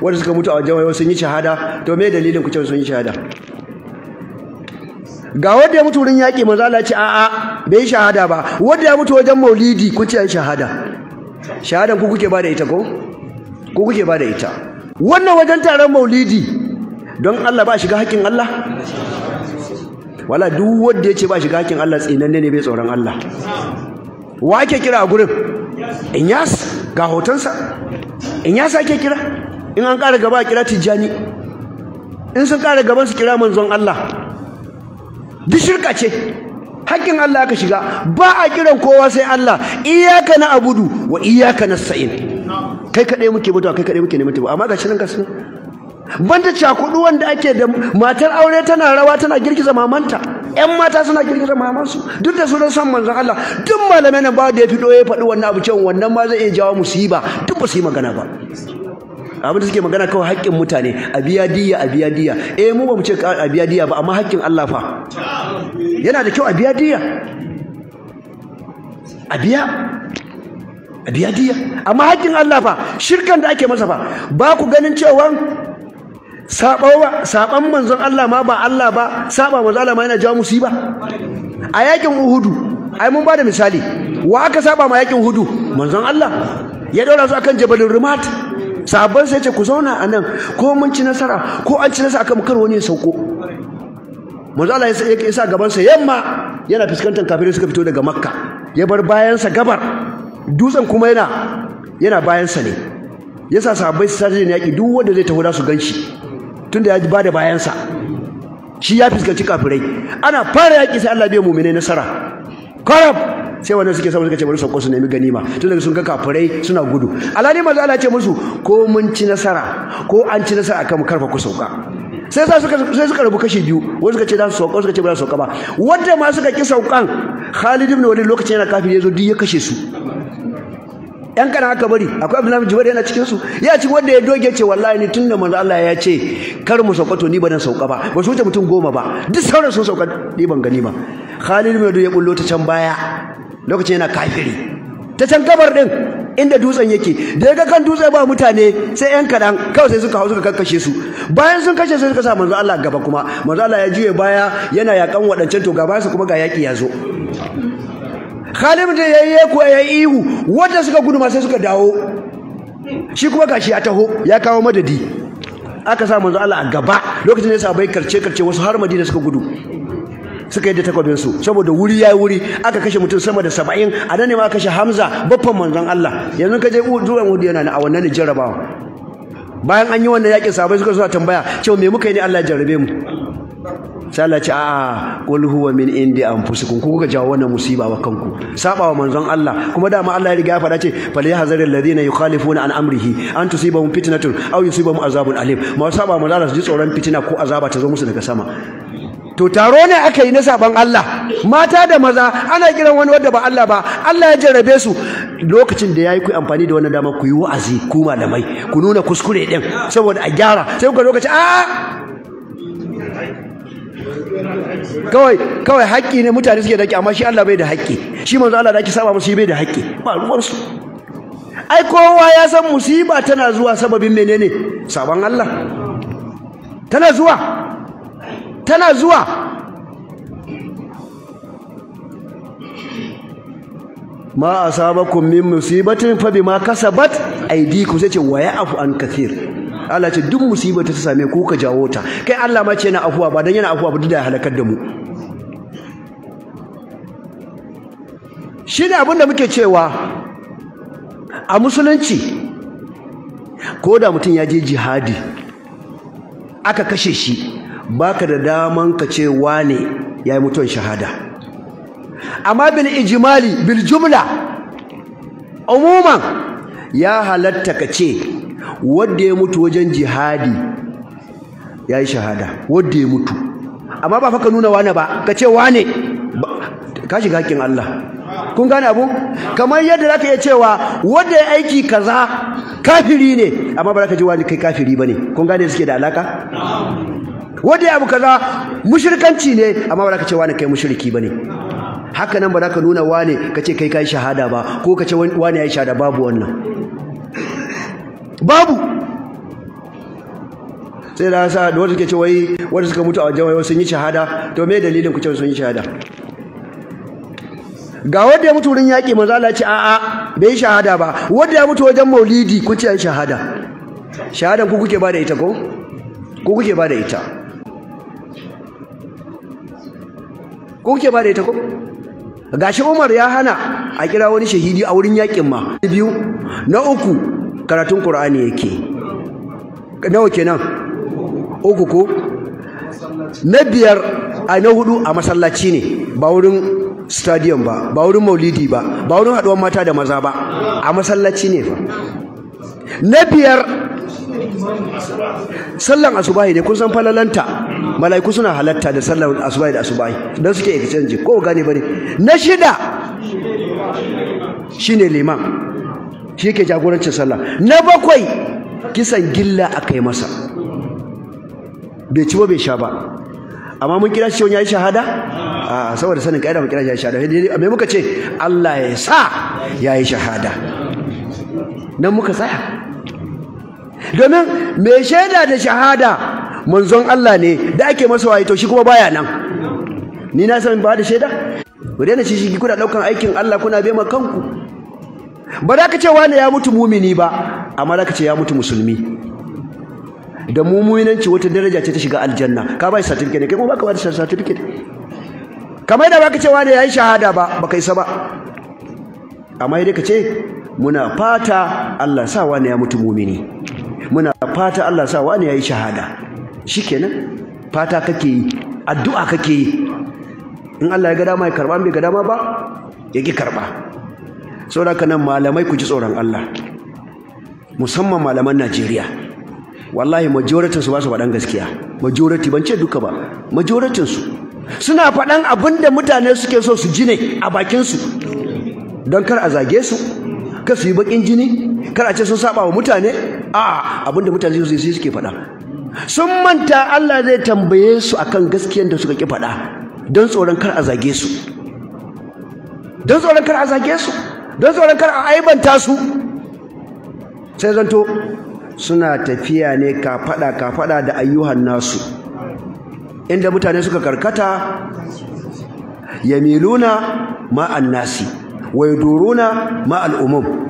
wanda suka mutu a wajen wayo sun yi shahada to me dalilin ku ce sun yi shahada ga wanda ya mutu wurin yaƙi manzo Allah ce a'a bai yi shahada ba wanda ya mutu wajen maulidi ku ce shahada shahadan ku kuke ba da ita ko ku kuke ba da ita wannan wajen taron maulidi don Allah ba shiga haƙƙin Allah wala duk wanda ya ce ba shiga haƙƙin Allah tsinanne ne bai tsoron Allah wa ake kira a gurin inyas ga hotonsa inyas ake kira in an ƙara gaba a kira tijjani in sun ƙara gaban su kira manzon Allah duk shirka ce hakkin Allah aka shiga ba a kiran kowa sai Allah iyaka na abudu wa iyaka na sa'in kai kaɗai muke mutuwa kai kaɗai muke neman mutuwa. amma ga shirin kasu gasu banda cakudu wanda ake da matar aure tana rawa tana girgiza mamanta yan mata suna girgiza mamansu duk da sunan son manzon Allah duk malamai nan ba da ya fito ya faɗi wannan abu cewa wannan ma zai iya jawo musiba duk ba su yi magana ba abinda suke magana kawai haƙƙin mutane a biya diya a biya diya eh mu ba mu ce a biya diya ba amma haƙƙin Allah fa yana da kyau a biya diya a biya a biya diya amma haƙƙin Allah fa shirkan da ake masa fa ba ku ganin cewa saban manzon Allah ma ba Allah ba saba manzon Allah ma yana jawo musiba a yakin Uhudu ai mun ba da misali wa aka saba ma yakin Uhudu manzon Allah ya daura su akan jabalin Rumat sabon sai ce ku zauna a nan ko mun ci nasara ko an ci nasara akan kar wani ya sauko manzo ya sa gabansa yamma yana fuskantar kafirai suka fito daga makka ya bar bayansa gabar dutsen kuma yana yana bayansa ne Yasa sa su sace ne yaƙi duk wanda zai taho da su ganshi tunda ya ba da bayansa shi ya fuskanci kafirai ana fara yaki sai Allah bai mu'minai nasara karab sai wannan suke samun suka ce bari sauko su nemi ganima tun daga sun ga kafirai suna gudu alhali manzo Allah ce musu ko mun ci nasara ko an ci nasara akan karfa ku sauka sai sa suka sai suka rabu kashi biyu wani suka ce za su sauka suka ce ba za su sauka ba wanda ma suka ki saukan Khalid ibn Walid lokacin yana kafiri yazo duk ya kashe su yan kana aka bari akwai Abdullah ibn Jubair yana cikin su ya ci wanda ya doge ce wallahi ni tunda manzo Allah ya ce kar mu sauka to ni ba dan sauka ba ba su wuce mutum goma ba duk sauran sun sauka ni ban gani ba Khalid ibn Walid ya bullo ta can baya lokacin yana kafiri ta can gabar din inda dutsen yake da ya ga kan dutse ba mutane sai yan kaɗan kawai sai suka hau suka kakkashe su bayan sun kashe sai suka sa manzo Allah gaba kuma manzo Allah ya juye baya yana yakan waɗancan to gaba su kuma ga yaƙi ya zo Khalid da yayye ku yayi ihu wanda suka gudu ma sai suka dawo shi kuma gashi a taho ya kawo madadi aka sa manzo Allah a gaba lokacin da ya sabai karce karce wasu har Madina suka gudu suka yadda takobin su saboda wuri yayi wuri aka kashe mutum sama da 70 a nan ne ma kashe Hamza baffan manzon Allah yanzu ka je zuwan Uhud yana a wannan jarrabawa bayan an yi wannan yakin sahabbai suka zuwa tambaya cewa me muka yi ne Allah ya jarrabe mu sai Allah ya ce a'a qul huwa min indi anfusikum ku kuka jawo wannan musiba wa kanku saba wa manzon Allah kuma dama Allah ya riga ya faɗa ce fal yahzaril ladina yukhalifuna an amrihi an tusibahum fitnatun aw yusibahum azabun alim ma saba manzon Allah su ji tsoron fitina ko azaba ta zo musu daga sama to taro ne aka yi na saban Allah mata da maza ana kiran wani wanda ba Allah ba Allah ya jarrabe su lokacin da yayi ku amfani da wannan dama ku yi wa'azi ku malamai ku nuna kuskure din saboda a gyara sai ku lokaci a kawai kawai haƙƙi ne mutane suke daki amma shi Allah bai da haƙƙi shi manzo Allah da ake saba musu bai da haƙƙi ba ruwan su ai kowa ya san musiba tana zuwa sababin menene saban Allah tana zuwa tana zuwa ma a asabakum min musibatin fa bima kasabat aydikum sai ce wa afu an kafir? Allah ce duk musibata ta same ku ka jawo ta kai Allah ma ce yana afuwa ba dan yana afuwa ba duk da halakar da mu shine abin da muke cewa a musulunci ko da mutum ya je jihadi aka kashe shi baka da daman ka ce wane yayi mutuwan shahada amma bil ijimali bil jumla umuman ya halatta ka ce wanda ya mutu wajen jihadi yayi shahada wanda ya mutu amma ba fa ka nuna wane ba ka ce wane ka shiga hakkin Allah kun gane abu kamar yadda zaka iya cewa wanda ya aiki kaza kafiri ne amma ba ka ji wani kai kafiri ba ne. kun gane suke da alaka wadda ya abu kaza mushrikanci ne amma ba za ka ce wani kai mushriki ne? haka nan ba za ka nuna wani ka ce kai kai shahada ba ko ka ce wani ya yi shahada babu wannan babu sai da sa da wata suke ce wai wata suka mutu a wajen wai sun yi shahada to me dalilin ku ce sun yi shahada ga wanda ya mutu wurin yaƙi manzo Allah ce a'a bai yi shahada ba wanda ya mutu wajen maulidi ku ce shahada shahadan ku kuke ba da ita ko ku kuke ba da ita ko kuke ba da ita ko gashi Umar ya hana a kira wani shahidi a wurin yakin ma biyu na uku karatun Qur'ani yake nawa kenan uku ko na biyar a na hudu a masallaci ne ba wurin stadium ba ba wurin maulidi ba ba wurin haduwar mata da maza ba a masallaci ne fa na biyar sallan asubahi ne kun san falalanta mala'iku suna halatta da sallar asubai da asubai dan suke exchange ko gane bane na shida shine liman shi yake jagorancin sallah na bakwai kisan gilla akai masa bai ci ba bai sha ba amma mun kira shi wani yayi shahada a saboda sanin kaida mun kira shi yayi shahada me muka ce Allah ya sa yayi shahada nan muka tsaya domin mai shaida da shahada manzon Allah ne da ake masa waye to shi kuma baya nan ni na san ba da shaida ku daina shi shi kuna daukan aikin Allah kuna bema kanku ba za ka ce wani ya mutu mumini ba amma za ka ce ya mutu musulmi da mumuminanci wata daraja ce ta shiga aljanna ka ba bai certificate kai kuma baka ba da certificate kamar da baka ce wani ya yi shahada ba baka isa ba amma dai ka ce muna fata Allah sa wani ya mutu mumini muna fata Allah sa wani ya yi shahada shi kenan fata kake yi addu'a kake yi in Allah ya ga dama ya karba bai ga dama ba ya ki karba saboda nan malamai ku ji tsoron Allah musamman malaman Najeriya wallahi majority su ba su faɗan gaskiya majority ban ce duka ba majority su suna faɗan abinda mutane suke so su ji a bakin su don kar a zage su kar su yi bakin jini kar a ce sun saba wa mutane a abin da mutane su suke faɗa sun manta Allah zai tambaye su akan gaskiyar da suka ki faɗa don tsoron kar a zage su don tsoron kar a zage su don tsoron kar a aibanta su sai zanto suna tafiya ne ka faɗa ka faɗa da ayyuhan nasu inda mutane suka karkata yamiluna ma nasi wa duruna ma'al umum